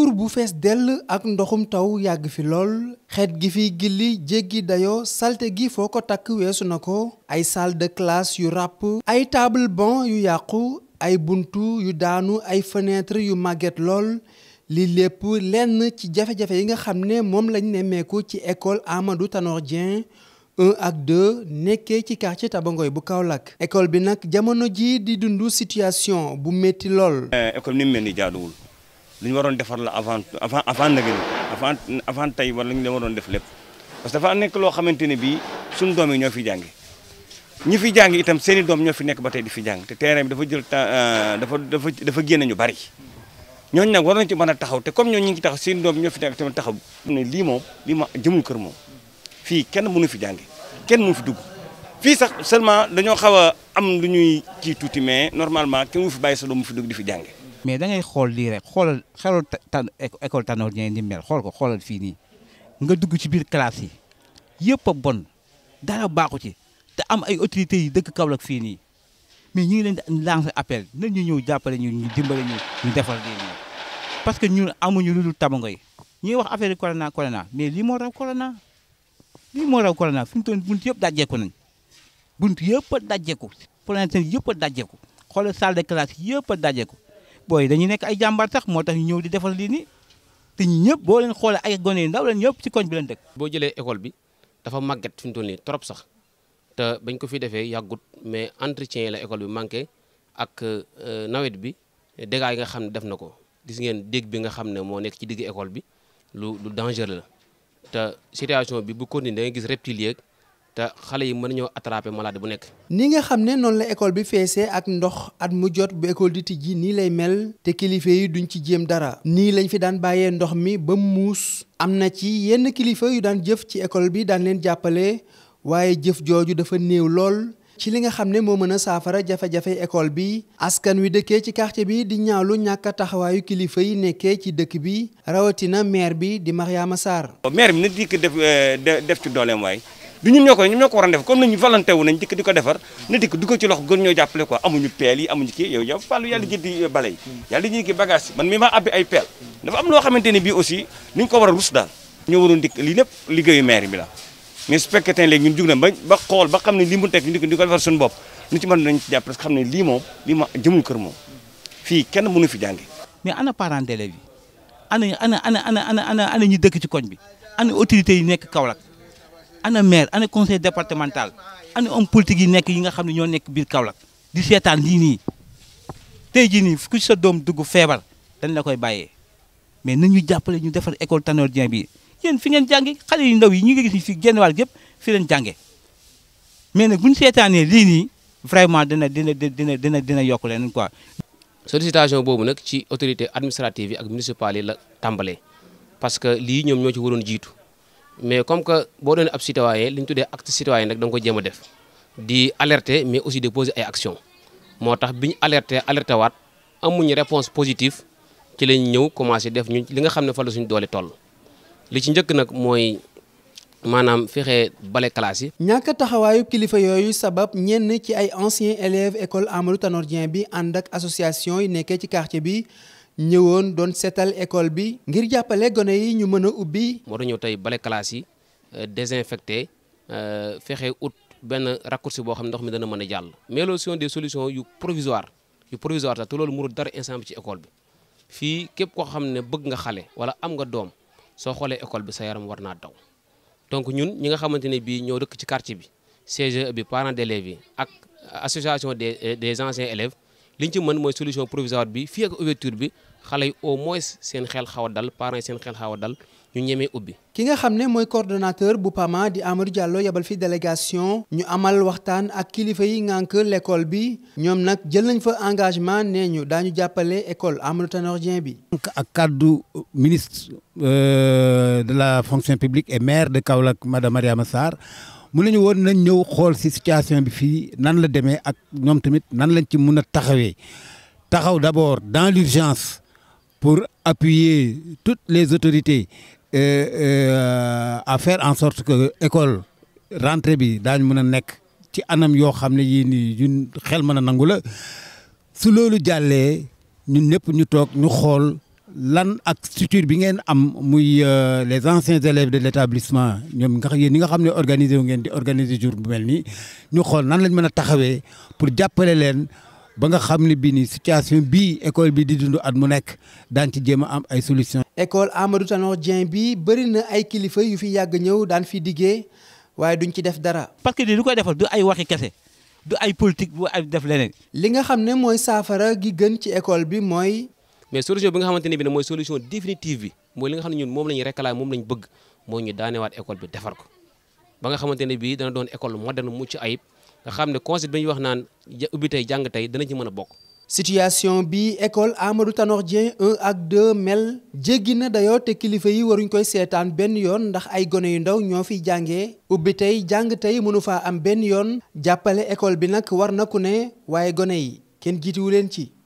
duur bu fees dell ak ndoxum taw yàgg fi lool xeet gi fiy gilli jéggi dayoo salte gi foo ko takk weesu na ko ay salle de classe yu ràpp ay table bon yu yàqu ay bunt yu daanu ay fenêtre yu màgget lool li lépp lenn ci jafe-jafe yi nga xam ne moom lañ nemmeeku ci école Amadou Tanor Dieng ak 2 nekkee ci quartier Tabangoy bu Kaolack. école bi nag jamono ji di dundu situation bu métti lool. Eh, école lu ñu waroon defar la avant avant avant nagani avant avant tey war lañu leen waroon def lépp parce que dafa nekk loo xamante ne bii suñu doom ñoo fi jàngi ñi fi jàng itam seen i ñoo fi nekk ba tey di fi jàng dafa jël temps euh, dafa dafa dafa génn ñu bari ñooñu nag war nañ ci mën a taxaw te comme ñooñu ñu ngi taxaw seen doom ñoo fi nekk tamit lii moom lii ma jëmul kër moom fii kenn mënu fi jànge kenn mënu fi dugg fii sax seulement dañoo xaw a am lu ñuy kii tuuti mais normalement kenn mu fi bàyyi sa mu fi dugg di fi jànge mais da ngay xool lii rek xoolal xelal tan école Tanor Dieng ni mel xool ko xoolal fii nii nga dugg ci biir classe yi yëpp a bon dara baaxu ci te am ay autorités yi dëkk Kaolack fii nii mais ñu ngi leen di lancer appel nañ ñu ñëw jàppale ñu ñu dimbale ñu ñu defal parce que ñun amuñu lu dul tabangoy ñuy wax affaire corona corona mais lii moo raw corona lii moo raw corona fi mu toll bunt yëpp dajjeeku nañ bunt yëpp a dajjeeku planète yëpp a dajjeeku xoolal salle de classe yëpp a dajjeeku booy dañuy nekk ay jàmbaar sax moo tax ñu ñëw di defal lii nii te ñëpp boo leen xoolee ay gone yu ndaw leen ñëpp ci koñ bi leen dëkk. boo jëlee école bi dafa màgget fi mu toll nii trop sax te bañ ko fi defee yàggut mais entretien yi la école bi manqué ak euh, nawet bi dégâts yi nga xam ne def na ko gis ngeen dégg bi nga xam ne moo nekk ci digg école bi lu lu dangereux la te situation bi bu continué da ngay gis reptilier te xale yi mën ñoo attraper malade bu nekk. ni nga xam ne noonu la école bi feesee ak ndox at mu jot bu école di tijji nii lay mel te kilifa yi duñ ci jéem dara. nii lañ fi daan bàyyee ndox mi ba muus. am na ci yenn kilifa yu daan jëf ci école bi daan leen jàppale waaye jëf jooju dafa néew lool. ci li nga xam ne moo mën a saafara jafe-jafe école bi askan wi dëkkee ci quartier bi di ñaawlu ñàkk taxawaayu kilifa yi nekkee ci dëkk bi rawatina maire bi di Mariama Sarr. maire bi na dikk def euh, def ci dooleem du ñun ñoo koy ñun ñoo ko war a def comme nañu volonté wu nañ dikk di ko defar na dikk du ko ci loxo gën ñoo jàppale quoi amuñu peel yi amuñu kii yow yow fàllu yàlla jëndi euh, bale man mii maa abbi ay peel dafa am loo xamante ne bii aussi ni ñu ko war a rus daal ñoo waroon dikk lii lépp liggéeyu maire la mais su fekkee tey léegi ñun jug na ba xool ba xam ne lii mu teg ñu di ko defar suñu bopp lu ci mën nañ ci jàpp parce que xam ne lii moom lii ma jëmul kër moom fii kenn mënu fi jànge mais ana parents d'élèves yi ana ana ana ana ana ana ñu dëkk ci koñ bi ana autorités yi nekk Kaolack ana maire ana conseil départemental ana homme politique yi nekk yi nga xam ne ñoo nekk biir Kaolack di seetaan lii nii tey jii nii ku sa doom dugg feebar dañ la koy bàyyee mais nañ ñu jàppale ñu defar école Tanor Dieng bi yéen fi ngeen jànge xale yu ndaw yi ñu ngi gis fi génn wàll yëpp fi leen jànge mais nag bu ñu seetaanee lii nii vraiment dina dina dina dina dina yokk leen quoi. sollicitation boobu nag ci autorité administrative yi ak municipal yi la tàmbalee parce que lii ñoom ñoo ci waroon jiitu. mais comme que boo doon ab citoyen li ñu tuddee acte citoyen nag da nga ko jéem a def di alerte mais aussi de poser ay actions moo tax bi ñu alerter alerter waat amuñu réponse positive ci lañ ñëw commencé def ñu li nga xam ne fa la suñu doole toll li ci njëkk nag mooy. maanaam fexe bale classe yi. ñàkk taxawaayu kilifa yooyu sabab ñenn ci ay anciens élèves école Amadou Tanor Dieng bi ànd ak association yi nekkee ci quartier bi ñëwoon doon seetal école bi ngir jàppale gone yi ñu mën a ubbi. moo doon ñëw tey bale classe yi euh, désinfecté euh, fexe ut benn raccourci boo xam ne ndox mi dana mën a jàll. mais loolu sont des solution yu provisoire yu provisoire sax te loolu mënul dara instant bi ci école bi fii képp koo xam ne bëgg nga xale wala am nga doom soo xoolee école bi sa yaram war naa daw donc ñun ñi nga xamante ne bii ñoo dëkk ci quartier bi CGE bi parents d'élèves yi ak association des euh, des anciens élèves. liñ ci mën mooy solution provisoire bi fii ak ouverture bi xale yi au moins seen xel xaw dal parents yi seen xel xaw a dal ñu ñemee ubbi. ki nga xam ne mooy coordonnateur bu PAMA di Amadou Diallo yabal fi délégation ñu amal waxtaan ak kilifa yi ngànk l'école bi ñoom nag jël nañ fa engagement nee ñu daañu jàppale école Amadou Tanor Dieng bi. ak kàddu ministre euh, de la fonction publique et maire de Kaolack madame Mariama Sarr. mu nañu woon nañ ñëw xool si situation bi fii nan la demee ak ñoom tamit nan lañ ci mun a taxawee taxaw d'abord dans l'urgence pour appuyer toutes les autorités euh, euh, à faire en sorte que école rentrée bi daañu mën a nekk ci anam yoo xam ne yii nii ñun xel mën a nangu la su loolu jàllee ñun ñëpp ñu toog ñu xool lan ak structure bi ngeen am muy euh, les anciens élèves de l' ñoom nga yéen ñi nga xam ne organisé wu ngeen di organiser jour bu mel nii ñu xool nan lañ mën a taxawee pour jàppale leen ba nga xam ni bii nii situation bii école bi di dund at mu nekk daan ci jéem a am ay solution école Amadou Tanor Dieng bi bëri na ay kilifa yu fi yàgg ñëw daan fi diggee waaye duñ ci def dara. parce que du koy defal du ay waxi kese du ay politique bu ay def leneen. li nga xam ne mooy saafara gi gën ci école bi mooy. mais solution bi nga xamante ne bi ne mooy solution définitive bi mooy li nga xam ne ñun moom la ñu moom la bëgg mooy ñu daanewaat école bi defar ko ba nga xamante ne bii dana doon école moderne mucc ayib nga xam ne conseil bi ñuy wax naan ubbi tey jàng tey dana ci mën a bokk situation bi école Amadou Tanor Dieng 1 ak 2 mel jéggi na dayoo te kilifa yi waruñ koy seetaan benn yoon ndax ay gone yu ndaw ñoo fiy jàngee ubbi tey jàng tey mënu faa am benn yoon jàppale école bi nag war na ku ne waaye gone yi kenn jiituwu leen ci